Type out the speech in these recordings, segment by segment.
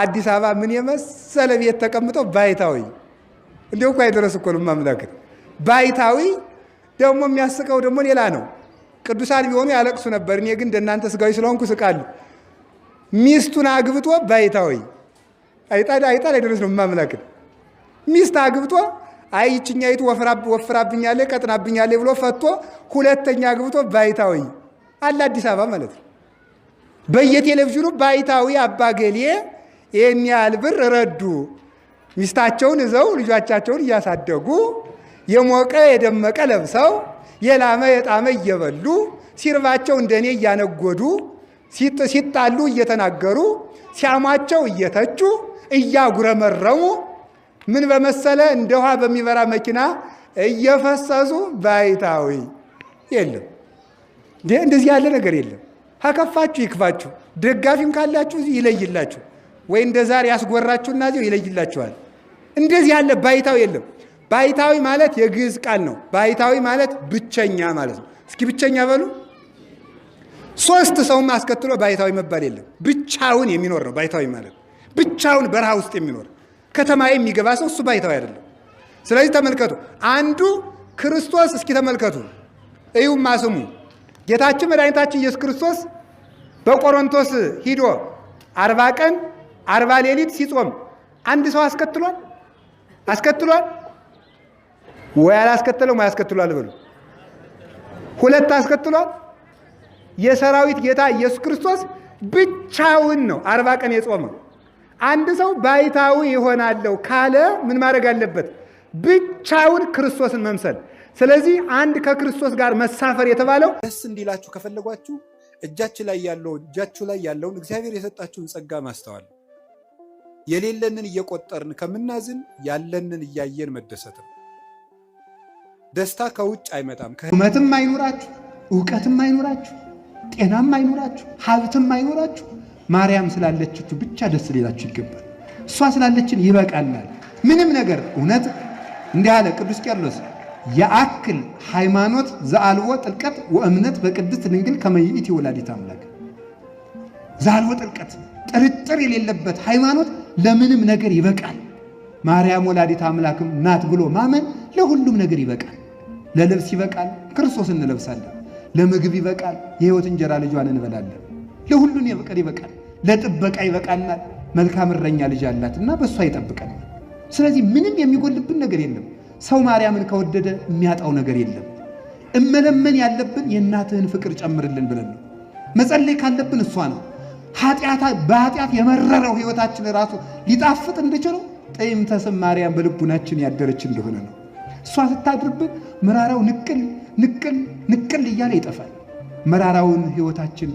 አዲስ አበባ ምን የመሰለ ቤት ተቀምጠው ባይታዊ እንዲ እኳ አይደረስ እኮ ነው ማምላክት ባይታዊ ደግሞ የሚያስቀው ደግሞ ሌላ ነው። ቅዱሳን ቢሆኑ ያለቅሱ ነበር። እኔ ግን እንደናንተ ስጋዊ ስለሆንኩ ስቃሉ። ሚስቱን አግብቶ ባይታዊ አይጣ ላይ ደረስ ነው ማምላክት ሚስት አግብቶ አይ ይችኛይቱ ወፍራብኛለ ቀጥናብኛለ ብሎ ፈቶ ሁለተኛ አግብቶ ባይታዊ አለ አዲስ አበባ ማለት ነው። በየቴሌቪዥኑ ባይታዊ አባገሌ ይህን ያህል ብር ረዱ። ሚስታቸውን ይዘው ልጆቻቸውን እያሳደጉ የሞቀ የደመቀ ለብሰው የላመ የጣመ እየበሉ ሲርባቸው እንደኔ እያነጎዱ ሲጣሉ እየተናገሩ ሲያሟቸው እየተቹ እያጉረመረሙ ምን በመሰለ እንደ ውሃ በሚበራ መኪና እየፈሰሱ ባይታዊ የለም። እንደዚህ ያለ ነገር የለም። አከፋችሁ ይክፋችሁ፣ ደጋፊም ካላችሁ ይለይላችሁ። ወይ እንደ ዛሬ ያስጎራችሁና እዚሁ ይለይላችኋል። እንደዚህ ያለ ባይታዊ የለም። ባይታዊ ማለት የግዕዝ ቃል ነው። ባይታዊ ማለት ብቸኛ ማለት ነው። እስኪ ብቸኛ በሉ። ሶስት ሰውም አስከትሎ ባይታዊ መባል የለም። ብቻውን የሚኖር ነው ባይታዊ ማለት። ብቻውን በረሃ ውስጥ የሚኖር ከተማ የሚገባ ሰው እሱ ባይታዊ አይደለም። ስለዚህ ተመልከቱ፣ አንዱ ክርስቶስ እስኪ ተመልከቱ፣ እዩማ ስሙ ጌታችን መድኃኒታችን ኢየሱስ ክርስቶስ በቆሮንቶስ ሂዶ አርባ ቀን አርባ ሌሊት ሲጾም አንድ ሰው አስከትሏል አስከትሏል ወይ አላስከተለም ወይ አስከትሏል በሉ ሁለት አስከትሏል የሰራዊት ጌታ ኢየሱስ ክርስቶስ ብቻውን ነው አርባ ቀን የጾመው አንድ ሰው ባይታዊ ይሆናለሁ ካለ ምን ማድረግ አለበት ብቻውን ክርስቶስን መምሰል ስለዚህ አንድ ከክርስቶስ ጋር መሳፈር የተባለው ደስ እንዲላችሁ ከፈለጓችሁ እጃችሁ ላይ ያለው እጃችሁ ላይ ያለውን እግዚአብሔር የሰጣችሁን ጸጋ ማስተዋል የሌለንን እየቆጠርን ከምናዝን ያለንን እያየን መደሰት ነው። ደስታ ከውጭ አይመጣም። እውመትም አይኖራችሁ፣ እውቀትም አይኖራችሁ፣ ጤናም አይኖራችሁ፣ ሀብትም አይኖራችሁ፣ ማርያም ስላለችችሁ ብቻ ደስ ሌላችሁ ይገባል። እሷ ስላለችን ይበቃናል። ምንም ነገር እውነት እንዲህ አለ ቅዱስ ቄርሎስ የአክል ሃይማኖት ዘአልዎ ጥልቀት ወእምነት በቅድስት ድንግል ከመይኢት የወላዲት አምላክ ዘአልዎ ጥልቀት ጥርጥር የሌለበት ሃይማኖት ለምንም ነገር ይበቃል። ማርያም ወላዲት አምላክም ናት ብሎ ማመን ለሁሉም ነገር ይበቃል። ለልብስ ይበቃል፣ ክርስቶስ እንለብሳለን። ለምግብ ይበቃል፣ የህይወት እንጀራ ልጇን እንበላለን። ለሁሉን የፍቅር ይበቃል፣ ለጥበቃ ይበቃናል። መልካም እረኛ ልጅ አላትና በእሷ ይጠብቀናል። ስለዚህ ምንም የሚጎልብን ነገር የለም። ሰው ማርያምን ከወደደ የሚያጣው ነገር የለም። እመለመን ያለብን የእናትህን ፍቅር ጨምርልን ብለን ነው። መጸለይ ካለብን እሷ ነው። በኃጢአት የመረረው ህይወታችን ራሱ ሊጣፍጥ እንድችለው ጠይምተ ስም ማርያም በልቡናችን ያደረች እንደሆነ ነው። እሷ ስታድርብን መራራው ንቅል ንቅል ንቅል እያለ ይጠፋል። መራራውን ህይወታችን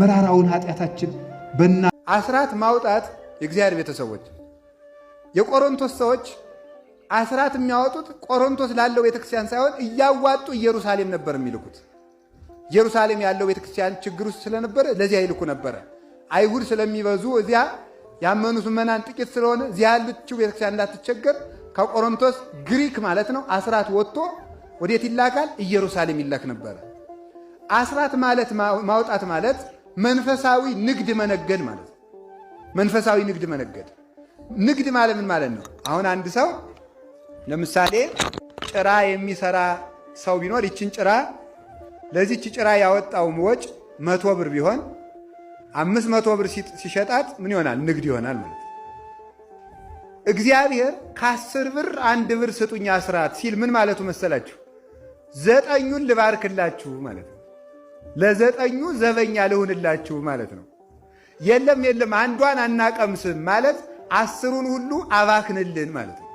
መራራውን ኃጢአታችን በና አስራት ማውጣት የእግዚአብሔር ቤተሰቦች የቆሮንቶስ ሰዎች አስራት የሚያወጡት ቆሮንቶስ ላለው ቤተክርስቲያን ሳይሆን እያዋጡ ኢየሩሳሌም ነበር የሚልኩት። ኢየሩሳሌም ያለው ቤተክርስቲያን ችግር ውስጥ ስለነበረ ለዚያ ይልኩ ነበረ። አይሁድ ስለሚበዙ እዚያ ያመኑት ምዕመናን ጥቂት ስለሆነ እዚያ ያለችው ቤተክርስቲያን እንዳትቸገር ከቆሮንቶስ ግሪክ ማለት ነው አስራት ወጥቶ ወዴት ይላካል? ኢየሩሳሌም ይላክ ነበረ። አስራት ማለት ማውጣት ማለት መንፈሳዊ ንግድ መነገድ ማለት መንፈሳዊ ንግድ መነገድ ንግድ ማለት ምን ማለት ነው? አሁን አንድ ሰው ለምሳሌ ጭራ የሚሰራ ሰው ቢኖር ይችን ጭራ ለዚች ጭራ ያወጣው ወጭ መቶ ብር ቢሆን አምስት መቶ ብር ሲሸጣት ምን ይሆናል? ንግድ ይሆናል ማለት ነው። እግዚአብሔር ከአስር ብር አንድ ብር ስጡኝ አስራት ሲል ምን ማለቱ መሰላችሁ? ዘጠኙን ልባርክላችሁ ማለት ነው። ለዘጠኙ ዘበኛ ልሁንላችሁ ማለት ነው። የለም የለም አንዷን አናቀምስም ማለት አስሩን ሁሉ አባክንልን ማለት ነው።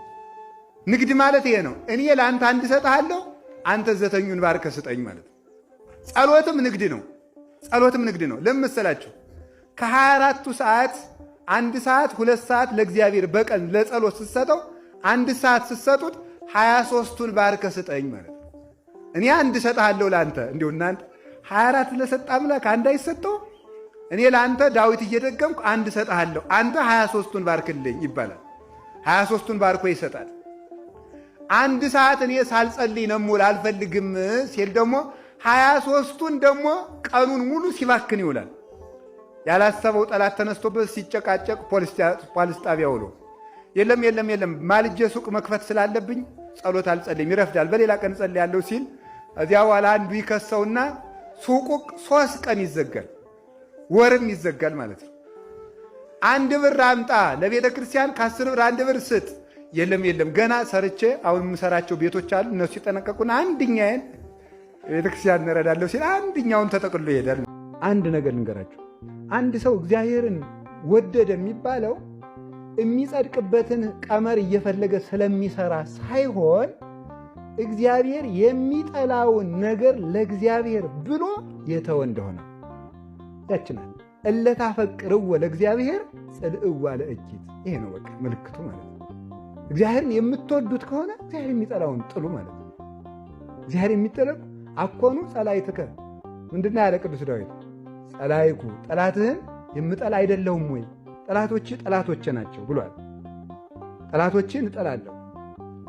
ንግድ ማለት ይሄ ነው። እኔ ለአንተ አንድ እሰጥሃለሁ፣ አንተ ዘጠኙን ባርከ ስጠኝ ማለት ነው። ጸሎትም ንግድ ነው። ጸሎትም ንግድ ነው። ለምን መሰላችሁ? ከሀያ አራቱ ሰዓት አንድ ሰዓት ሁለት ሰዓት ለእግዚአብሔር በቀን ለጸሎት ስትሰጠው አንድ ሰዓት ስትሰጡት ሀያ ሦስቱን ባርከ ስጠኝ ማለት ነው። እኔ አንድ እሰጥሃለሁ ለአንተ እንዲሁ እናንተ ሀያ አራት ለሰጥ አምላክ አንድ አይሰጠው። እኔ ለአንተ ዳዊት እየደገምኩ አንድ እሰጥሃለሁ አንተ ሀያ ሦስቱን ባርክልኝ ይባላል። ሀያ ሦስቱን ባርኮ ይሰጣል። አንድ ሰዓት እኔ ሳልጸልይ ነው የምውል አልፈልግም ሲል ደግሞ ሀያ ሦስቱን ደግሞ ቀኑን ሙሉ ሲባክን ይውላል። ያላሰበው ጠላት ተነስቶበት ሲጨቃጨቅ ፖሊስ ጣቢያ ውሎ የለም የለም የለም ማልጀ ሱቅ መክፈት ስላለብኝ ጸሎት አልጸልይም ይረፍዳል፣ በሌላ ቀን እጸልያለሁ ሲል እዚያ በኋላ አንዱ ይከሰውና ሱቁ ሶስት ቀን ይዘጋል፣ ወርም ይዘጋል ማለት ነው። አንድ ብር አምጣ ለቤተ ክርስቲያን ከአስር ብር አንድ ብር ስጥ። የለም የለም ገና ሰርቼ አሁን የምሰራቸው ቤቶች አሉ እነሱ ይጠነቀቁና አንድኛዬን ክርስቲያን እንረዳለሁ ሲል አንድኛውን ተጠቅሎ ይሄዳል። አንድ ነገር ልንገራቸው አንድ ሰው እግዚአብሔርን ወደደ የሚባለው የሚጸድቅበትን ቀመር እየፈለገ ስለሚሰራ ሳይሆን እግዚአብሔር የሚጠላውን ነገር ለእግዚአብሔር ብሎ የተወ እንደሆነ ያችናል። እለታፈቅርዎ ለእግዚአብሔር ጽልእዋ ለእጅት ይሄ ነው በቃ ምልክቱ ማለት ነው። እግዚአብሔርን የምትወዱት ከሆነ እግዚአብሔር የሚጠላውን ጥሉ ማለት ነው። እግዚአብሔር የሚጠለቁ አኮኑ ጸላይ ምንድን ምንድና ያለ ቅዱስ ዳዊት ጠላይኩ ጠላትህን የምጠላ አይደለሁም ወይ? ጠላቶች ጠላቶቼ ናቸው ብሏል። ጠላቶችን እጠላለሁ።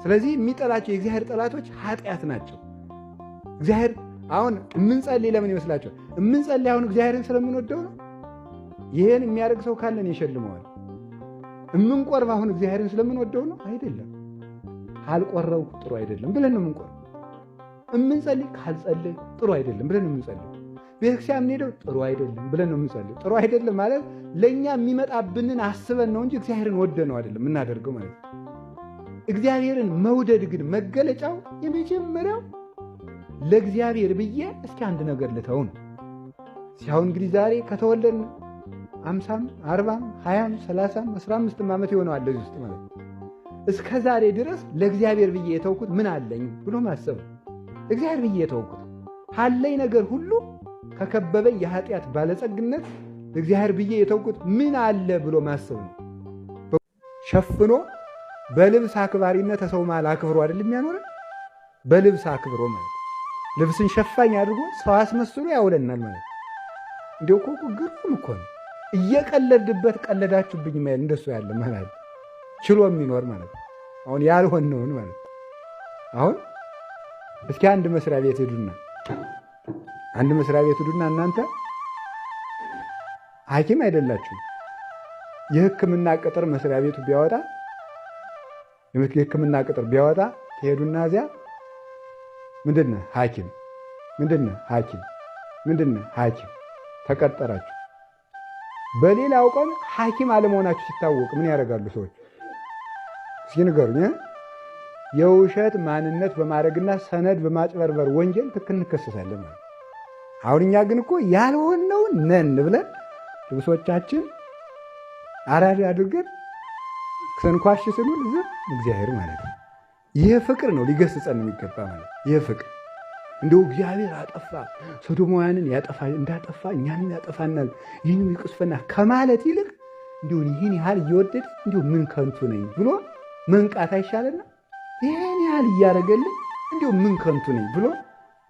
ስለዚህ የሚጠላቸው የእግዚአብሔር ጠላቶች ኃጢአት ናቸው። እግዚአብሔር አሁን የምንጸልይ ለምን ይመስላችኋል? የምንጸልይ አሁን እግዚአብሔርን ስለምንወደው ነው። ይህን የሚያደርግ ሰው ካለን ይሸልመዋል። የምንቆርብ አሁን እግዚአብሔርን ስለምንወደው ነው አይደለም። ካልቆረብኩ ጥሩ አይደለም ብለን ነው የምንቆርብ። የምንጸልይ ካልጸልይ ጥሩ አይደለም ብለን ነው የምንጸልይ ቤተክርስቲያን የምንሄደው ጥሩ አይደለም ብለን ነው የምንጸልየው። ጥሩ አይደለም ማለት ለእኛ የሚመጣብንን አስበን ነው እንጂ እግዚአብሔርን ወደ ነው አይደለም የምናደርገው ማለት ነው። እግዚአብሔርን መውደድ ግን መገለጫው የመጀመሪያው ለእግዚአብሔር ብዬ እስኪ አንድ ነገር ልተው ነው። ሲያሁን እንግዲህ ዛሬ ከተወለድን አምሳም አርባም ሀያም ሰላሳም አስራ አምስትም ዓመት የሆነዋል ለዚህ ውስጥ ማለት ነው። እስከ ዛሬ ድረስ ለእግዚአብሔር ብዬ የተውኩት ምን አለኝ ብሎ ማሰብ እግዚአብሔር ብዬ የተውኩት ካለኝ ነገር ሁሉ ከከበበኝ የኃጢአት ባለጸግነት እግዚአብሔር ብዬ የተውኩት ምን አለ ብሎ ማሰብ ነው። ሸፍኖ በልብስ አክባሪነት ሰው ማል አክብሮ አይደል የሚያኖረ በልብስ አክብሮ ማለት ልብስን ሸፋኝ አድርጎ ሰው አስመስሎ ያውለናል ማለት እንዲው እኮ ግርም እኮ ነው። እየቀለድበት ቀለዳችሁብኝ ማለት እንደሱ ያለ ማለት ችሎ የሚኖር ማለት አሁን ያልሆን ነውን ማለት አሁን እስኪ አንድ መስሪያ ቤት ሄዱና አንድ መስሪያ ቤት ሂዱና እናንተ ሐኪም አይደላችሁም። የህክምና ቅጥር መስሪያ ቤቱ ቢያወጣ የህክምና ቅጥር ቢያወጣ ትሄዱና እዚያ ምንድነ ሐኪም ምንድነው ሐኪም ምንድነው ሐኪም ተቀጠራችሁ። በሌላው ቀን ሐኪም አለመሆናችሁ ሲታወቅ ምን ያደርጋሉ ሰዎች? እስኪ ንገሩኝ። የውሸት ማንነት በማድረግና ሰነድ በማጭበርበር ወንጀል ትክክል እንከሰሳለን። አሁን እኛ ግን እኮ ያልሆነውን ነን ብለን ልብሶቻችን አራድ አድርገን ስንኳሽ ስንል ዝም እግዚአብሔር ማለት ነው። ይህ ፍቅር ነው ሊገስጸን የሚገባ ማለት ይህ ፍቅር እንደው እግዚአብሔር አጠፋ ሶዶማውያንን ያጠፋ እንዳጠፋ እኛንም ያጠፋናል፣ ይህን ይቅስፈና ከማለት ይልቅ እንዲሁን ይህን ያህል እየወደድ እንዲሁ ምን ከንቱ ነኝ ብሎ መንቃት አይሻለና ይህን ያህል እያደረገልን እንዲሁ ምን ከንቱ ነኝ ብሎ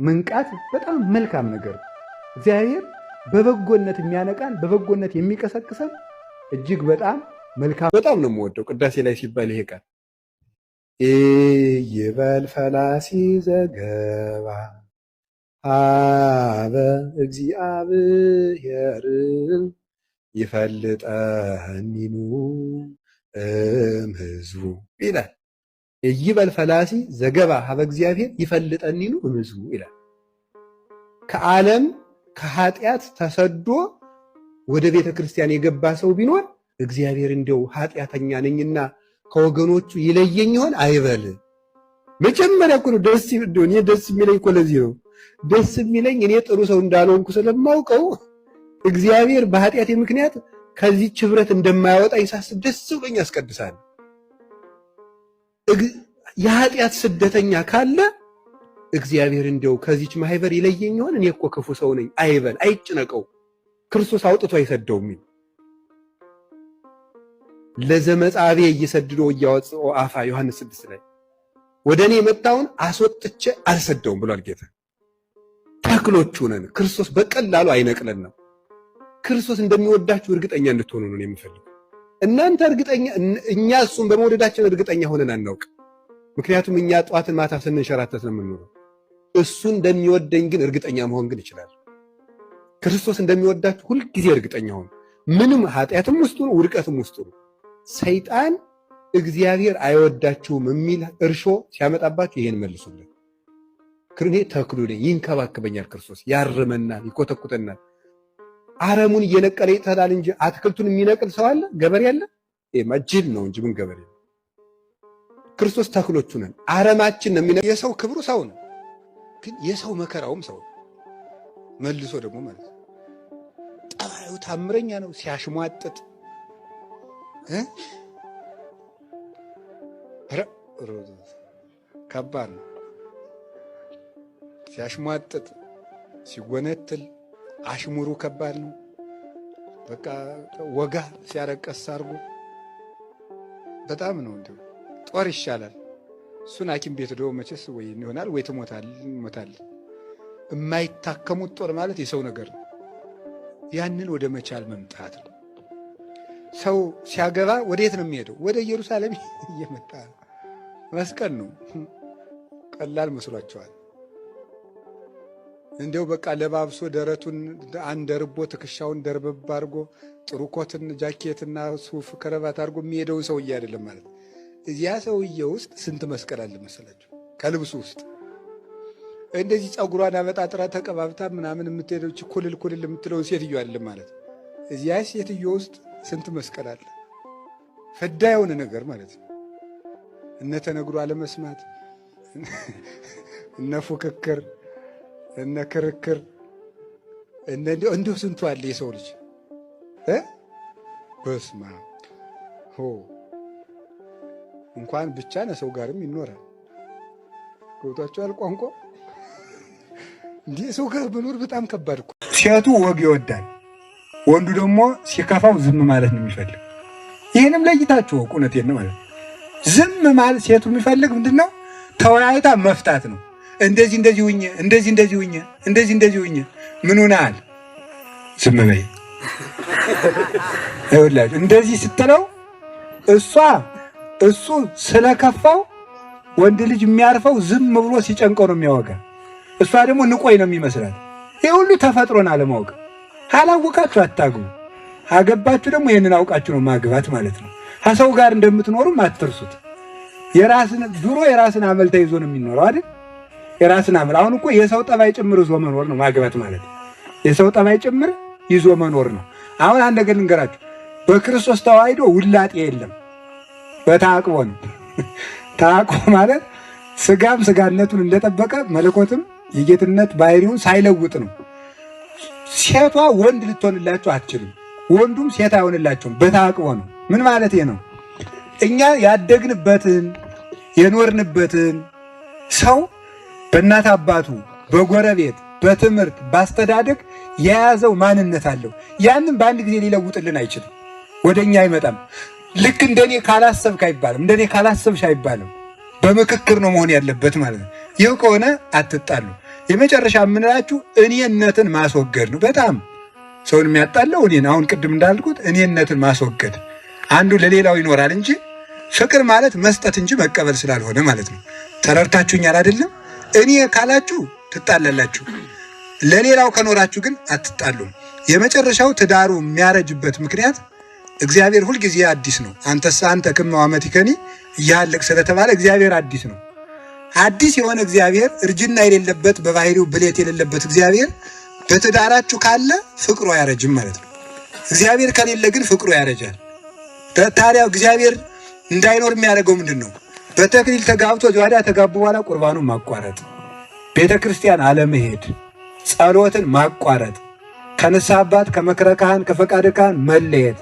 መንቃት በጣም መልካም ነገር። እግዚአብሔር በበጎነት የሚያነቃን በበጎነት የሚቀሰቅሰን እጅግ በጣም መልካም። በጣም ነው የምወደው ቅዳሴ ላይ ሲባል ይሄ ቃል ይበል ፈላሲ ዘገባ አበ እግዚአብሔር ይፈልጠኒኑ እም ህዝቡ ይላል። ይበል ፈላሲ ዘገባ ሀበ እግዚአብሔር ይፈልጠኒኑ እምዝቡ ይላል። ከዓለም ከኃጢአት ተሰዶ ወደ ቤተ ክርስቲያን የገባ ሰው ቢኖር እግዚአብሔር እንዲያው ኃጢአተኛ ነኝና ከወገኖቹ ይለየኝ ይሆን አይበል። መጀመሪያ እኮ ነው ደስ ደስ የሚለኝ እኮ ለዚህ ነው ደስ የሚለኝ እኔ ጥሩ ሰው እንዳልሆንኩ ስለማውቀው እግዚአብሔር በኃጢአቴ ምክንያት ከዚህ ችብረት እንደማያወጣ ሳስብ ደስ ብሎኝ ያስቀድሳል። የኃጢአት ስደተኛ ካለ እግዚአብሔር እንዲያው ከዚች ማህበር ይለየኝ ይሆን? እኔ እኮ ክፉ ሰው ነኝ አይበል፣ አይጭነቀው። ክርስቶስ አውጥቶ አይሰደውም። ለዘመጻቤ እየሰድዶ እያወጽኦ አፋ ዮሐንስ ስድስት ላይ ወደ እኔ የመጣውን አስወጥቼ አልሰደውም ብሏል ጌታ። ተክሎቹ ነን። ክርስቶስ በቀላሉ አይነቅለን ነው። ክርስቶስ እንደሚወዳችሁ እርግጠኛ እንድትሆኑ ነው የምፈልገው። እናንተ እርግጠኛ እኛ እሱን በመውደዳችን እርግጠኛ ሆነን አናውቅ። ምክንያቱም እኛ ጠዋትን ማታ ስንንሸራተት ነው የምንኖረው። እሱ እንደሚወደኝ ግን እርግጠኛ መሆን ግን ይችላል። ክርስቶስ እንደሚወዳችሁ ሁልጊዜ እርግጠኛ ሆኑ። ምንም ኃጢአትም ውስጡ ነው፣ ውድቀትም ውስጡ ነው። ሰይጣን እግዚአብሔር አይወዳችሁም የሚል እርሾ ሲያመጣባችሁ ይሄን መልሱልን። ክርኔ ተክሉ ይንከባከበኛል። ክርስቶስ ያርመናል፣ ይኮተኩተናል አረሙን እየነቀለ ይተላል እንጂ አትክልቱን የሚነቅል ሰው አለ? ገበሬ አለ? ጅል ነው እንጂ ምን ገበሬ ነው? ክርስቶስ ተክሎቹ ነን። አረማችን ነው የሚነቅል። የሰው ክብሩ ሰው ነው፣ ግን የሰው መከራውም ሰው ነው። መልሶ ደግሞ ማለት ነው ጠባዩ ታምረኛ ነው። ሲያሽሟጥጥ ከባድ ነው። ሲያሽሟጥጥ ሲጎነትል አሽሙሩ ከባድ ነው። በቃ ወጋ ሲያረቀስ አድርጎ በጣም ነው። እንዲሁ ጦር ይሻላል። እሱን ሐኪም ቤት ዶ መቼስ ወይ ይሆናል ወይ ትሞታል። የማይታከሙት ጦር ማለት የሰው ነገር ነው። ያንን ወደ መቻል መምጣት ነው። ሰው ሲያገባ ወደየት ነው የሚሄደው? ወደ ኢየሩሳሌም እየመጣ መስቀል ነው። ቀላል መስሏቸዋል። እንዲው በቃ ለባብሶ ደረቱን አንደርቦ ትከሻውን ደርበብ አድርጎ ጥሩ ኮትን ጃኬትና ሱፍ ከረባት አድርጎ የሚሄደውን ሰውዬ አይደለም ማለት እዚያ ሰውዬ ውስጥ ስንት መስቀል አለ መሰላችሁ? ከልብሱ ውስጥ እንደዚህ ጸጉሯን አበጣጥራ ተቀባብታ ምናምን የምትሄደች ኩልል ኩልል የምትለውን ሴትዮ አለ ማለት እዚያ ሴትዮ ውስጥ ስንት መስቀል አለ? ፈዳ የሆነ ነገር ማለት ነው። እነ ተነግሮ አለመስማት እነ ፉክክር እነ ክርክር እንዲሁ ስንቱ አለ የሰው ልጅ በስማ ሆ እንኳን ብቻ ሰው ጋርም ይኖራል። ገብቷቸዋል ቋንቋ እንዲህ ሰው ጋር መኖር በጣም ከባድ እኮ። ሴቱ ወግ ይወዳል፣ ወንዱ ደግሞ ሲከፋው ዝም ማለት ነው የሚፈልግ። ይህንም ለይታችሁ እውነቴን ነው ማለት ዝም ማለት ሴቱ የሚፈልግ ምንድን ነው? ተወያይታ መፍታት ነው። እንደዚህ እንደዚህ ሁኜ እንደዚህ እንደዚህ ሁኜ እንደዚህ እንደዚህ ሁኜ ምን ሆነሃል? ዝም በይ እንደዚህ ስትለው እሷ እሱ ስለከፋው ወንድ ልጅ የሚያርፈው ዝም ብሎ ሲጨንቀው ነው የሚያወጋ። እሷ ደግሞ ንቆይ ነው የሚመስላት። ይህ ሁሉ ተፈጥሮን አለማወቅ። አላወቃችሁ አታግቡ። አገባችሁ ደግሞ ይህንን አውቃችሁ ነው ማግባት ማለት ነው። ከሰው ጋር እንደምትኖሩም አትርሱት። የራስን ድሮ የራስን አመልታ ይዞ ነው የሚኖረው አይደል? የራስን አምል አሁን እኮ የሰው ጠባይ ጭምር ይዞ መኖር ነው ማግባት ማለት የሰው ጠባይ ጭምር ይዞ መኖር ነው። አሁን አንድ ነገር ልንገራችሁ፣ በክርስቶስ ተዋህዶ ውላጤ የለም፣ በታቅቦ ነው። ታቅቦ ማለት ስጋም ስጋነቱን እንደጠበቀ መለኮትም የጌትነት ባህሪውን ሳይለውጥ ነው። ሴቷ ወንድ ልትሆንላቸው አትችልም፣ ወንዱም ሴት አይሆንላቸውም በታቅቦ ነው። ምን ማለት ነው? እኛ ያደግንበትን የኖርንበትን ሰው በእናት አባቱ፣ በጎረቤት፣ በትምህርት፣ በአስተዳደግ የያዘው ማንነት አለው። ያንን በአንድ ጊዜ ሊለውጥልን አይችልም። ወደ እኛ አይመጣም። ልክ እንደኔ ካላሰብክ አይባልም፣ እንደኔ ካላሰብሽ አይባልም። በምክክር ነው መሆን ያለበት ማለት ነው። ይህ ከሆነ አትጣሉ። የመጨረሻ የምንላችሁ እኔነትን ማስወገድ ነው። በጣም ሰውን የሚያጣለው እኔ አሁን ቅድም እንዳልኩት እኔነትን ማስወገድ አንዱ ለሌላው ይኖራል እንጂ ፍቅር ማለት መስጠት እንጂ መቀበል ስላልሆነ ማለት ነው። ተረድታችሁኛል አይደለም? እኔ ካላችሁ ትጣላላችሁ፣ ለሌላው ከኖራችሁ ግን አትጣሉም። የመጨረሻው ትዳሩ የሚያረጅበት ምክንያት እግዚአብሔር ሁልጊዜ አዲስ ነው። አንተስ አንተ ክመ አመቲከኒ እያለቅ ስለተባለ እግዚአብሔር አዲስ ነው። አዲስ የሆነ እግዚአብሔር እርጅና የሌለበት በባህሪው ብሌት የሌለበት እግዚአብሔር በትዳራችሁ ካለ ፍቅሩ አያረጅም ማለት ነው። እግዚአብሔር ከሌለ ግን ፍቅሩ ያረጃል። ታዲያ እግዚአብሔር እንዳይኖር የሚያደርገው ምንድን ነው? በተክሊል ተጋብቶ ዚዋዳ ተጋቡ በኋላ ቁርባኑን ማቋረጥ፣ ቤተ ክርስቲያን አለመሄድ፣ ጸሎትን ማቋረጥ፣ ከንስሐ አባት ከመክረ ካህን ከፈቃደ ካህን መለየት፣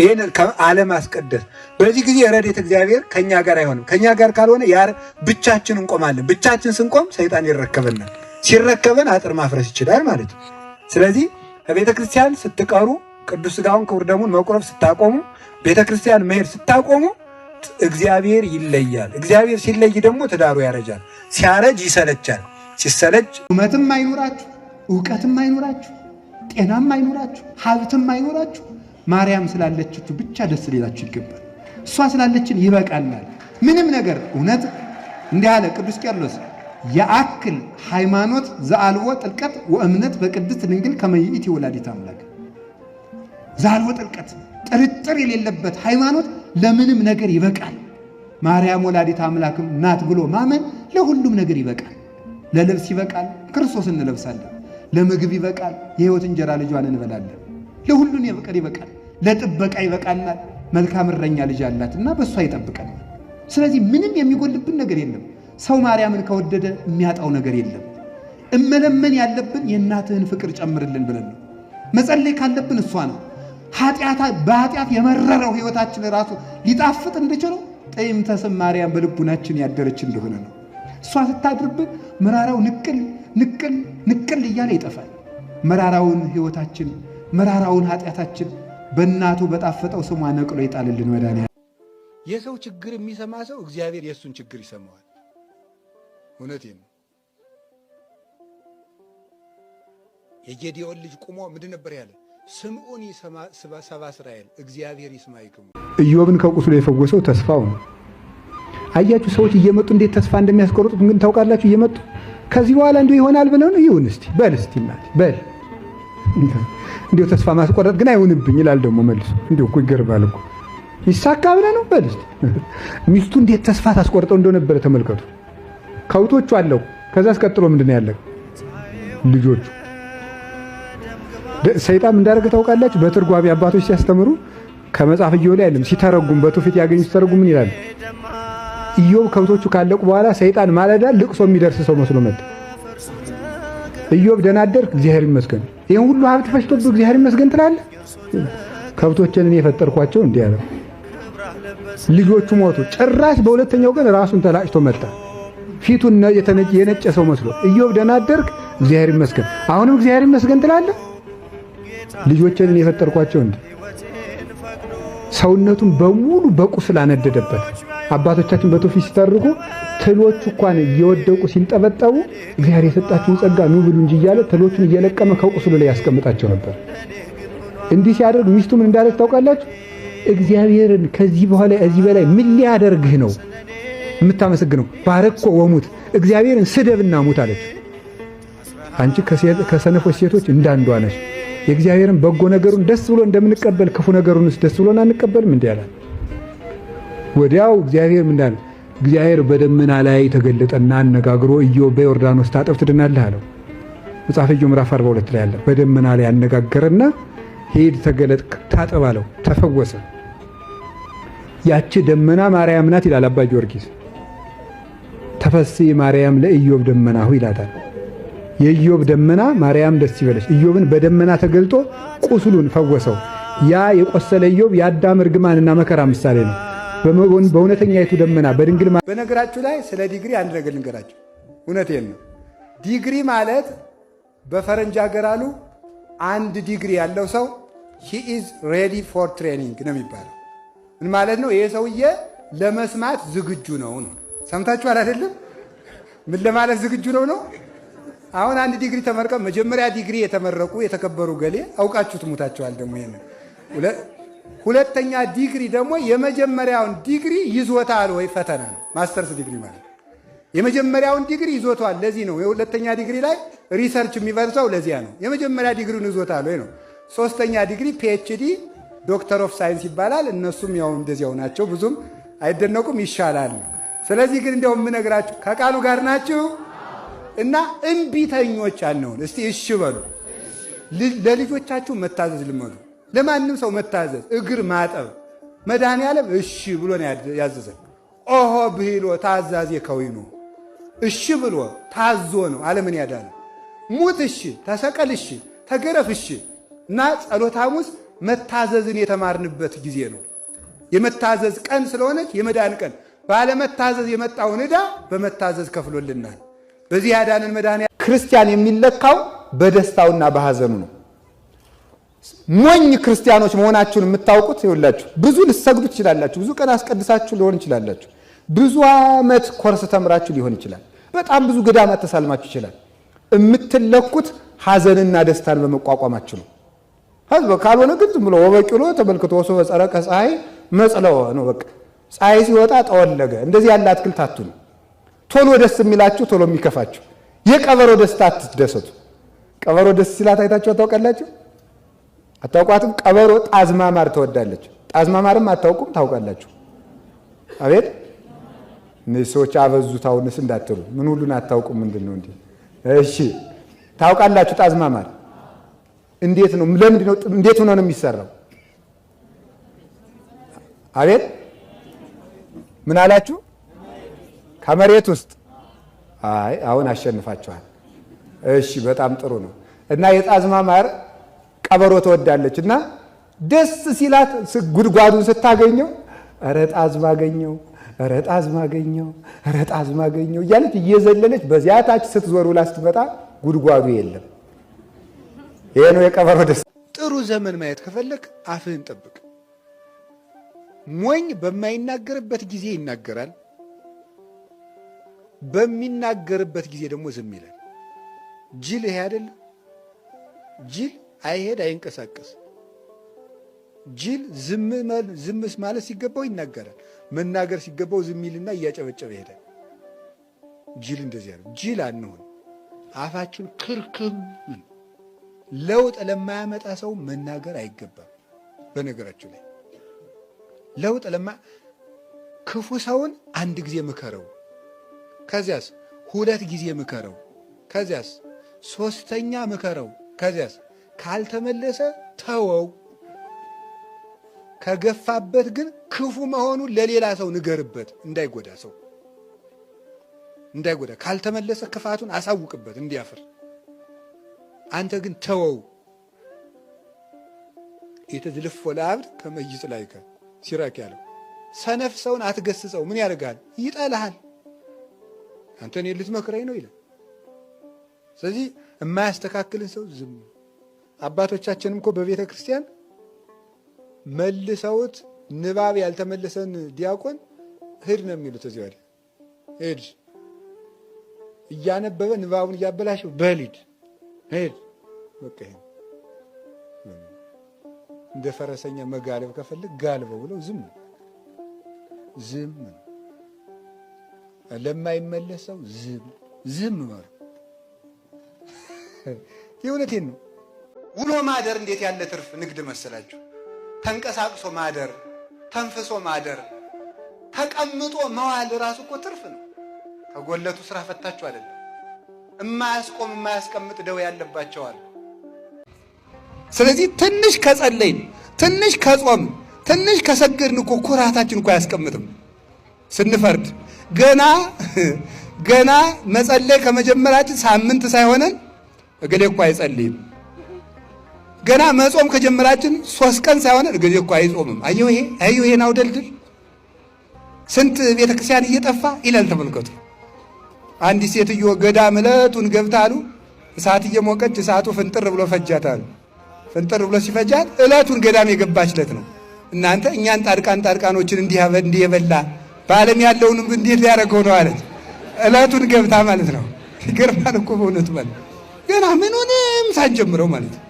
ይህን አለማስቀደስ። በዚህ ጊዜ ረድኤተ እግዚአብሔር ከእኛ ጋር አይሆንም። ከእኛ ጋር ካልሆነ ያር ብቻችን እንቆማለን። ብቻችን ስንቆም ሰይጣን ይረከበናል። ሲረከበን አጥር ማፍረስ ይችላል ማለት ነው። ስለዚህ ከቤተ ክርስቲያን ስትቀሩ ቅዱስ ስጋውን ክቡር ደሙን መቁረብ ስታቆሙ፣ ቤተ ክርስቲያን መሄድ ስታቆሙ እግዚአብሔር ይለያል። እግዚአብሔር ሲለይ ደግሞ ትዳሩ ያረጃል። ሲያረጅ ይሰለቻል። ሲሰለች እውመትም አይኖራችሁ፣ እውቀትም አይኖራችሁ፣ ጤናም አይኖራችሁ፣ ሀብትም አይኖራችሁ። ማርያም ስላለችችሁ ብቻ ደስ ሌላችሁ ይገባል። እሷ ስላለችን ይበቃናል። ምንም ነገር እውነት እንዲህ አለ ቅዱስ ቄርሎስ የአክል ሃይማኖት ዘአልቦ ጥልቀት ወእምነት በቅድስት ድንግል ከመይኢት የወላዲት አምላክ ዘአልቦ ጥልቀት ጥርጥር የሌለበት ሃይማኖት ለምንም ነገር ይበቃል። ማርያም ወላዲት አምላክም ናት ብሎ ማመን ለሁሉም ነገር ይበቃል። ለልብስ ይበቃል፣ ክርስቶስ እንለብሳለን። ለምግብ ይበቃል፣ የህይወት እንጀራ ልጇን እንበላለን። ለሁሉን የፍቅር ይበቃል፣ ለጥበቃ ይበቃናል። መልካም እረኛ ልጅ አላትና በእሷ ይጠብቀናል። ስለዚህ ምንም የሚጎልብን ነገር የለም። ሰው ማርያምን ከወደደ የሚያጣው ነገር የለም። እመለመን ያለብን የእናትህን ፍቅር ጨምርልን ብለን ነው። መጸለይ ካለብን እሷ ነው። በኃጢአት የመረረው ህይወታችን ራሱ ሊጣፍጥ እንድችለው ጠይም ተስም ማርያም በልቡናችን ያደረች እንደሆነ ነው። እሷ ስታድርብን መራራው ንቅል ንቅል ንቅል እያለ ይጠፋል። መራራውን ህይወታችን መራራውን ኃጢአታችን በእናቱ በጣፈጠው ስሟ ነቅሎ ይጣልልን መድኃኒያ የሰው ችግር የሚሰማ ሰው እግዚአብሔር የእሱን ችግር ይሰማዋል። እውነቴ ነው። የጌዲዮን ልጅ ቁሞ ምንድን ነበር ያለ? ስምዖን ሰባ እስራኤል እግዚአብሔር ይስማይክሙ። ኢዮብን ከቁስሉ የፈወሰው ተስፋው ነው። አያችሁ ሰዎች እየመጡ እንዴት ተስፋ እንደሚያስቆርጡት ግን ታውቃላችሁ። እየመጡ ከዚህ በኋላ እንዲሁ ይሆናል ብለው ነው ይሁን እስቲ በል እስቲ እናቴ በል እንዲሁ ተስፋ ማስቆረጥ ግን አይሁንብኝ ይላል ደግሞ መልሶ። እንዲሁ እኮ ይገርባል እኮ ይሳካ ብለህ ነው በል እስቲ። ሚስቱ እንዴት ተስፋ ታስቆርጠው እንደነበረ ተመልከቱ። ከውቶቹ አለው ከዛ አስቀጥሎ ምንድን ነው ያለ ልጆቹ ሰይጣን እንዳደረገ ታውቃላችሁ? በትርጓሜ አባቶች ሲያስተምሩ ከመጽሐፍ እየው ላይ አይደለም ሲተረጉም በትውፊት ያገኙ ሲተረጉም ምን ይላል? ኢዮብ ከብቶቹ ካለቁ በኋላ ሰይጣን ማለዳ ልቅሶ የሚደርስ ሰው መስሎ መጣ። ኢዮብ ደህና አደርክ፣ እግዚአብሔር ይመስገን፣ ይህን ሁሉ ሀብት ፈጅቶብህ እግዚአብሔር ይመስገን ትላለህ። ከብቶችን እኔ የፈጠርኳቸው እንዲህ ያለው። ልጆቹ ሞቱ። ጭራሽ በሁለተኛው ቀን ራሱን ተላጭቶ መጣ፣ ፊቱን የነጨ ሰው መስሎ። ኢዮብ ደህና አደርክ፣ እግዚአብሔር ይመስገን፣ አሁንም እግዚአብሔር ይመስገን ትላለህ። ልጆችን የፈጠርኳቸው እንዲ ሰውነቱን በሙሉ በቁስል አነደደበት። አባቶቻችን በትውፊት ሲተርኩ ትሎቹ እንኳን እየወደቁ ሲንጠበጠቡ እግዚአብሔር የሰጣችሁን ጸጋ ኑ ብሉ እንጂ እያለ ትሎቹን እየለቀመ ከቁስሉ ላይ ያስቀምጣቸው ነበር። እንዲህ ሲያደርግ ሚስቱ ምን እንዳለች ታውቃላችሁ? እግዚአብሔርን ከዚህ በኋላ እዚህ በላይ ምን ሊያደርግህ ነው የምታመሰግነው? ባረኮ ወሙት እግዚአብሔርን ስደብና ሙት አለች። አንቺ ከሰነፎች ሴቶች እንዳንዷ ነች። የእግዚአብሔርን በጎ ነገሩን ደስ ብሎ እንደምንቀበል ክፉ ነገሩንስ ደስ ብሎን አንቀበልም? እንዲህ አላል። ወዲያው እግዚአብሔር ምን እንዳለ እግዚአብሔር በደመና ላይ ተገለጠና አነጋግሮ ኢዮብ በዮርዳኖስ ታጠብ ትድናለህ አለው። መጽሐፈ ኢዮብ ምዕራፍ 42 ላይ አለ። በደመና ላይ ያነጋገረና ሄድ ተገለጥ፣ ታጠብ አለው። ተፈወሰ። ያቺ ደመና ማርያም ናት ይላል አባ ጊዮርጊስ። ተፈስሒ ማርያም ለኢዮብ ደመናሁ ይላታል። የኢዮብ ደመና ማርያም ደስ ይበለች ኢዮብን በደመና ተገልጦ ቁስሉን ፈወሰው። ያ የቆሰለ ኢዮብ የአዳም እርግማንና መከራ ምሳሌ ነው። በእውነተኛይቱ ደመና በድንግል በነገራችሁ ላይ ስለ ዲግሪ አንድ ነገር ልንገራችሁ። እውነቴን ነው። ዲግሪ ማለት በፈረንጅ ሀገር አሉ አንድ ዲግሪ ያለው ሰው ሂ ኢዝ ሬዲ ፎር ትሬኒንግ ነው የሚባለው። ምን ማለት ነው? ይሄ ሰውዬ ለመስማት ዝግጁ ነው ነው። ሰምታችኋል አይደለም? ምን ለማለት ዝግጁ ነው ነው አሁን አንድ ዲግሪ ተመርቀ መጀመሪያ ዲግሪ የተመረቁ የተከበሩ ገሌ አውቃችሁ ትሙታቸዋል። ደግሞ ይሄንን ሁለተኛ ዲግሪ ደግሞ የመጀመሪያውን ዲግሪ ይዞታል ወይ ፈተና ነው። ማስተርስ ዲግሪ ማለት የመጀመሪያውን ዲግሪ ይዞታል። ለዚህ ነው የሁለተኛ ዲግሪ ላይ ሪሰርች የሚበርሰው ለዚያ ነው። የመጀመሪያ ዲግሪውን ይዞታል ወይ ነው። ሶስተኛ ዲግሪ ፒኤችዲ ዶክተር ኦፍ ሳይንስ ይባላል። እነሱም ያው እንደዚያው ናቸው፣ ብዙም አይደነቁም፣ ይሻላል። ስለዚህ ግን እንደው የምነግራችሁ ከቃሉ ጋር ናችሁ። እና እምቢተኞች አንሆን። እስቲ እሺ በሉ። ለልጆቻችሁ መታዘዝ ልመዱ። ለማንም ሰው መታዘዝ፣ እግር ማጠብ መድኃኔዓለም እሺ ብሎ ያዘዘን። ኦሆ ብሂሎ ታዛዜ ከዊኑ እሺ ብሎ ታዞ ነው ዓለምን ያዳነ። ሙት እሺ፣ ተሰቀል እሺ፣ ተገረፍ እሺ። እና ጸሎተ ሐሙስ መታዘዝን የተማርንበት ጊዜ ነው። የመታዘዝ ቀን ስለሆነች የመዳን ቀን፣ ባለመታዘዝ የመጣውን ዕዳ በመታዘዝ ከፍሎልናል። በዚህ ያዳንን መድኃኒያ ክርስቲያን የሚለካው በደስታውና በሐዘኑ ነው። ሞኝ ክርስቲያኖች መሆናችሁን የምታውቁት ይኸውላችሁ፣ ብዙ ልሰግዱ ትችላላችሁ። ብዙ ቀን አስቀድሳችሁ ሊሆን ይችላላችሁ። ብዙ ዓመት ኮርስ ተምራችሁ ሊሆን ይችላል። በጣም ብዙ ገዳማት ተሳልማችሁ ይችላል። የምትለኩት ሐዘንና ደስታን በመቋቋማችሁ ነው። ህዝብ ካልሆነ ግን ዝም ብሎ ወበቂሎ ተመልክቶ ወሶ በጸረቀ ፀሐይ መጽለወ ነው። በቃ ፀሐይ ሲወጣ ጠወለገ። እንደዚህ ያለ አትክልት አትሁኑ። ቶሎ ደስ የሚላችሁ ቶሎ የሚከፋችሁ። የቀበሮ ደስታ አትደሰቱ። ቀበሮ ደስ ሲላት አይታችሁ አታውቃላችሁ? አታውቋትም? ቀበሮ ጣዝማማር ትወዳለች። ጣዝማማርም አታውቁም? ታውቃላችሁ? አቤት እነዚህ ሰዎች አበዙት። አሁንስ እንዳትሉ ምን ሁሉን አታውቁም። ምንድን ነው እንዲህ? እሺ ታውቃላችሁ? ጣዝማማር እንዴት ነው? ለምንድን ነው? እንዴት ሆኖ ነው የሚሰራው? አቤት ምን አላችሁ? ከመሬት ውስጥ አይ አሁን አሸንፋችኋል። እሺ በጣም ጥሩ ነው። እና የጣዝማ ማር ቀበሮ ትወዳለች እና ደስ ሲላት ጉድጓዱን ስታገኘው እረ ጣዝማ አገኘው፣ እረ ጣዝማ አገኘው፣ እረ ጣዝማ አገኘው እያለች እየዘለለች በዚያ ታች ስትዞር ውላ ስትመጣ ጉድጓዱ የለም። ይሄ ነው የቀበሮ ደስ። ጥሩ ዘመን ማየት ከፈለክ አፍህን ጠብቅ። ሞኝ በማይናገርበት ጊዜ ይናገራል። በሚናገርበት ጊዜ ደግሞ ዝም ይላል። ጅል ይሄ አይደል? ጅል አይሄድ አይንቀሳቀስ። ጅል ዝምስ ማለት ሲገባው ይናገራል። መናገር ሲገባው ዝም ይልና እያጨበጨበ ይሄዳል። ጅል እንደዚህ ነው። ጅል አንሆን። አፋችን ክርክም። ለውጥ ለማያመጣ ሰው መናገር አይገባም። በነገራችሁ ላይ ለውጥ ለማ ክፉ ሰውን አንድ ጊዜ ምከረው ከዚያስ ሁለት ጊዜ ምከረው፣ ከዚያስ ሶስተኛ ምከረው፣ ከዚያስ ካልተመለሰ ተወው። ከገፋበት ግን ክፉ መሆኑን ለሌላ ሰው ንገርበት፣ እንዳይጎዳ ሰው እንዳይጎዳ ካልተመለሰ ክፋቱን አሳውቅበት እንዲያፍር። አንተ ግን ተወው። የተዝልፎ ለአብድ ከመይጽ ላይከ ሲራክ ያለው ሰነፍ ሰውን አትገስጸው። ምን ያደርግሃል? ይጠልሃል። አንተ እኔ ልትመክረኝ ነው ይላል። ስለዚህ የማያስተካክልን ሰው ዝም። አባቶቻችንም እኮ በቤተ ክርስቲያን መልሰውት ንባብ ያልተመለሰን ዲያቆን ሂድ ነው የሚሉት። እዚህ ወዲያ ሂድ እያነበበ ንባቡን እያበላሸው በሊድ ሂድ በቃ ይሄን እንደ ፈረሰኛ መጋለብ ከፈለግ ጋልበው ብለው ዝም ዝም ነው። ለማይመለሰው ዝም ዝም በሉ። የእውነቴን ነው። ውሎ ማደር እንዴት ያለ ትርፍ ንግድ መሰላችሁ? ተንቀሳቅሶ ማደር፣ ተንፍሶ ማደር፣ ተቀምጦ መዋል ራሱ እኮ ትርፍ ነው። ከጎለቱ ስራ ፈታችሁ አይደለም። እማያስቆም የማያስቀምጥ ደው ያለባቸዋል። ስለዚህ ትንሽ ከጸለይን፣ ትንሽ ከጾም፣ ትንሽ ከሰገድን እኮ ኩራታችን እኮ አያስቀምጥም ስንፈርድ ገና ገና መጸለይ ከመጀመራችን ሳምንት ሳይሆነን እገሌ እኮ አይጸልይም። ገና መጾም ከጀመራችን ሶስት ቀን ሳይሆነን እገሌ እኮ አይጾምም። አዩ ይሄ አየሁ ይሄን አውደልድል ስንት ቤተ ክርስቲያን እየጠፋ ይላል። ተመልከቱ። አንዲት ሴትዮ ገዳም ዕለቱን ገብታ አሉ እሳት እየሞቀች እሳቱ ፍንጥር ብሎ ፈጃት አሉ። ፍንጥር ብሎ ሲፈጃት ዕለቱን ገዳም የገባችለት ነው። እናንተ እኛን ጻድቃን ጻድቃኖችን እንዲህ የበላ በዓለም ያለውን እንዴት ሊያደርገው ነው አለች። እለቱን ገብታ ማለት ነው። ይገርማል እኮ በእውነቱ ማለት ገና ምኑንም ሳንጀምረው ማለት ነው።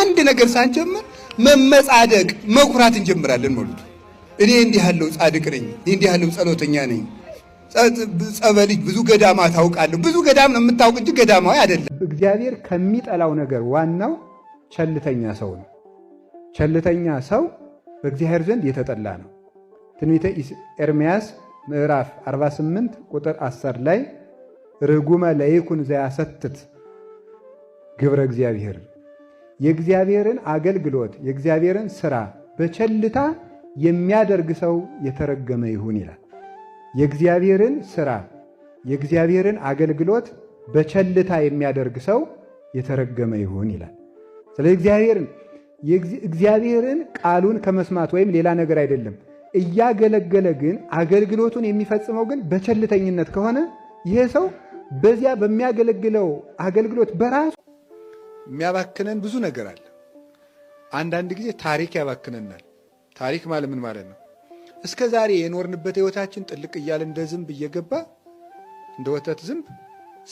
አንድ ነገር ሳንጀምር መመጻደቅ መኩራት እንጀምራለን ማለት እኔ እንዲህ ያለው ጻድቅ ነኝ፣ እኔ እንዲህ ያለው ጸሎተኛ ነኝ፣ ጸበልጅ ብዙ ገዳማ ታውቃለሁ። ብዙ ገዳም ነው የምታውቅ እንጂ ገዳማዊ አይደለም። እግዚአብሔር ከሚጠላው ነገር ዋናው ቸልተኛ ሰው ነው። ቸልተኛ ሰው በእግዚአብሔር ዘንድ የተጠላ ነው። ትንቢተ ኤርምያስ ምዕራፍ 48 ቁጥር 10 ላይ ርጉመ ለይኩን ዘያሰትት ግብረ እግዚአብሔር የእግዚአብሔርን አገልግሎት የእግዚአብሔርን ሥራ በቸልታ የሚያደርግ ሰው የተረገመ ይሁን ይላል። የእግዚአብሔርን ሥራ የእግዚአብሔርን አገልግሎት በቸልታ የሚያደርግ ሰው የተረገመ ይሁን ይላል። ስለዚህ እግዚአብሔርን ቃሉን ከመስማት ወይም ሌላ ነገር አይደለም እያገለገለ ግን አገልግሎቱን የሚፈጽመው ግን በቸልተኝነት ከሆነ ይሄ ሰው በዚያ በሚያገለግለው አገልግሎት በራሱ የሚያባክነን ብዙ ነገር አለ። አንዳንድ ጊዜ ታሪክ ያባክነናል። ታሪክ ማለት ምን ማለት ነው? እስከ ዛሬ የኖርንበት ህይወታችን ጥልቅ እያለ እንደ ዝንብ እየገባ እንደ ወተት ዝንብ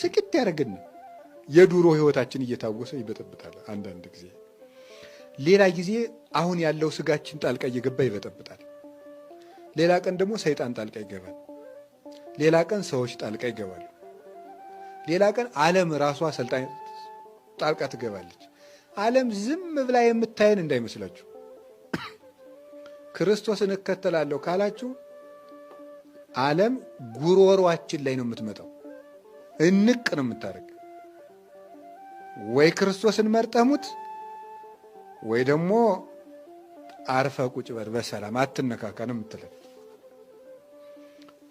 ስቅት ያደረግን የዱሮ ህይወታችን እየታወሰ ይበጠብጣል። አንዳንድ ጊዜ ሌላ ጊዜ አሁን ያለው ስጋችን ጣልቃ እየገባ ይበጠብጣል። ሌላ ቀን ደግሞ ሰይጣን ጣልቃ ይገባል። ሌላ ቀን ሰዎች ጣልቃ ይገባሉ። ሌላ ቀን ዓለም ራሷ ሰልጣኝ ጣልቃ ትገባለች። ዓለም ዝም ብላ የምታየን እንዳይመስላችሁ። ክርስቶስን እከተላለሁ ካላችሁ ዓለም ጉሮሯችን ላይ ነው የምትመጣው። እንቅ ነው የምታደርግ። ወይ ክርስቶስን መርጠህ ሙት፣ ወይ ደግሞ አርፈ ቁጭ በር በሰላም አትነካካ ነው የምትለን።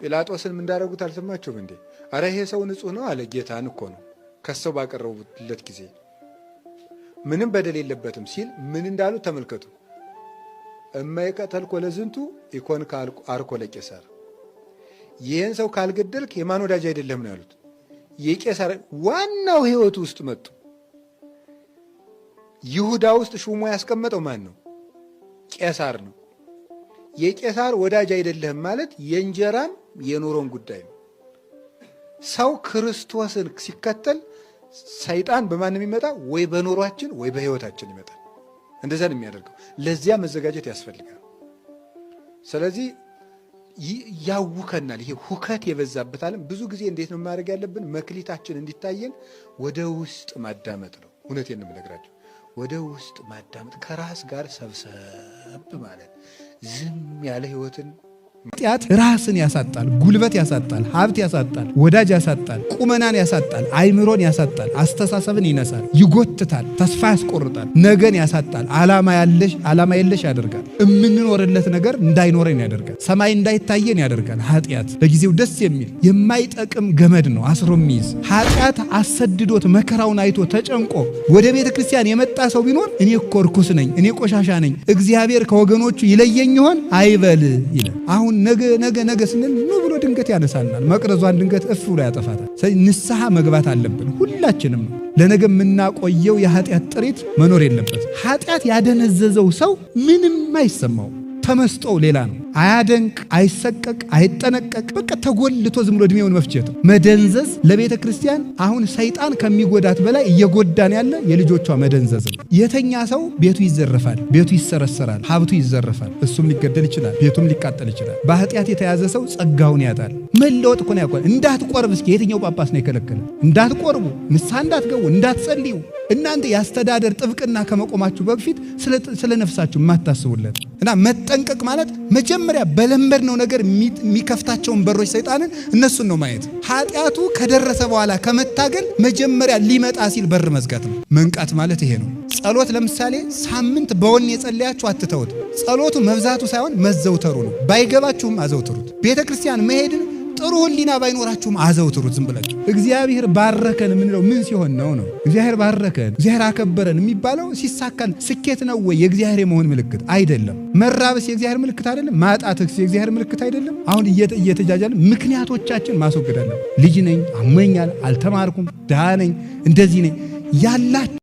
ጲላጦስን እንዳደረጉት አልሰማችሁም እንዴ? አረ ይሄ ሰው ንጹህ ነው አለ። ጌታን እኮ ነው ከሰው ባቀረቡለት ጊዜ ምንም በደል የለበትም ሲል ምን እንዳሉ ተመልከቱ። እማይቀተልኮ ለዝንቱ ኢኮን አርኮ ለቄሳር፣ ይህን ሰው ካልገደልክ የማን ወዳጅ አይደለም ነው ያሉት። የቄሳር ዋናው ህይወቱ ውስጥ መጡ። ይሁዳ ውስጥ ሹሞ ያስቀመጠው ማን ነው? ቄሳር ነው። የቄሳር ወዳጅ አይደለህም ማለት የእንጀራም የኑሮን ጉዳይ ነው። ሰው ክርስቶስን ሲከተል ሰይጣን በማን የሚመጣ ወይ በኑሯችን ወይ በህይወታችን ይመጣል። እንደዛ ነው የሚያደርገው። ለዚያ መዘጋጀት ያስፈልጋል። ስለዚህ ያውከናል። ይሄ ሁከት የበዛበት ዓለም ብዙ ጊዜ እንዴት ነው ማድረግ ያለብን? መክሊታችን እንዲታየን ወደ ውስጥ ማዳመጥ ነው። እውነቴን ነው የምነግራቸው። ወደ ውስጥ ማዳመጥ፣ ከራስ ጋር ሰብሰብ ማለት ዝም ያለ ህይወትን ኃጢአት ራስን ያሳጣል፣ ጉልበት ያሳጣል፣ ሀብት ያሳጣል፣ ወዳጅ ያሳጣል፣ ቁመናን ያሳጣል፣ አይምሮን ያሳጣል፣ አስተሳሰብን ይነሳል፣ ይጎትታል፣ ተስፋ ያስቆርጣል፣ ነገን ያሳጣል፣ አላማ የለሽ ያደርጋል፣ የምንኖርለት ነገር እንዳይኖረን ያደርጋል፣ ሰማይ እንዳይታየን ያደርጋል። ኃጢአት ለጊዜው ደስ የሚል የማይጠቅም ገመድ ነው አስሮ የሚይዝ ኃጢአት አሰድዶት መከራውን አይቶ ተጨንቆ ወደ ቤተ ክርስቲያን የመጣ ሰው ቢኖር እኔ እኮ እርኩስ ነኝ፣ እኔ ቆሻሻ ነኝ፣ እግዚአብሔር ከወገኖቹ ይለየኝ ይሆን አይበል ይላል። አሁን አሁን ነገ ነገ ነገ ስንል ኑ ብሎ ድንገት ያነሳናል። መቅረዟን ድንገት እፍ ብሎ ያጠፋታል። ንስሐ መግባት አለብን ሁላችንም ለነገ የምናቆየው የኃጢአት ጥሪት መኖር የለበት። ኃጢአት ያደነዘዘው ሰው ምንም አይሰማው። ተመስጦ ሌላ ነው። አያደንቅ፣ አይሰቀቅ፣ አይጠነቀቅ። በቃ ተጎልቶ ዝም ብሎ እድሜውን መፍጀት መደንዘዝ ለቤተ ክርስቲያን አሁን ሰይጣን ከሚጎዳት በላይ እየጎዳን ያለ የልጆቿ መደንዘዝ ነው። የተኛ ሰው ቤቱ ይዘረፋል፣ ቤቱ ይሰረሰራል፣ ሀብቱ ይዘረፋል፣ እሱም ሊገደል ይችላል፣ ቤቱም ሊቃጠል ይችላል። በኃጢአት የተያዘ ሰው ጸጋውን ያጣል። መለወጥ እኮ ነው ያቋል። እንዳትቆርብ እስኪ የትኛው ጳጳስ ነው የከለከለ? እንዳትቆርቡ፣ ንስሐ እንዳትገቡ፣ እንዳትጸልዩ እናንተ የአስተዳደር ጥብቅና ከመቆማችሁ በፊት ስለ ነፍሳችሁ የማታስቡለት እና መጠንቀቅ ማለት መጀመሪያ በለመድነው ነገር የሚከፍታቸውን በሮች ሰይጣንን እነሱን ነው ማየት። ኃጢአቱ ከደረሰ በኋላ ከመታገል መጀመሪያ ሊመጣ ሲል በር መዝጋት ነው። መንቃት ማለት ይሄ ነው። ጸሎት ለምሳሌ ሳምንት በወን የጸለያችሁ አትተውት። ጸሎቱ መብዛቱ ሳይሆን መዘውተሩ ነው። ባይገባችሁም አዘውትሩት። ቤተ ክርስቲያን መሄድን ጥሩ ህሊና ባይኖራችሁም አዘውትሩት። ዝም ብላችሁ እግዚአብሔር ባረከን የምንለው ምን ሲሆን ነው ነው? እግዚአብሔር ባረከን፣ እግዚአብሔር አከበረን የሚባለው ሲሳካን ስኬት ነው ወይ? የእግዚአብሔር የመሆን ምልክት አይደለም። መራብስ የእግዚአብሔር ምልክት አይደለም። ማጣትስ የእግዚአብሔር ምልክት አይደለም። አሁን እየተጃጃለ ምክንያቶቻችን ማስወገዳለን። ልጅ ነኝ፣ አሞኛል፣ አልተማርኩም፣ ድሃ ነኝ፣ እንደዚህ ነኝ ያላችሁ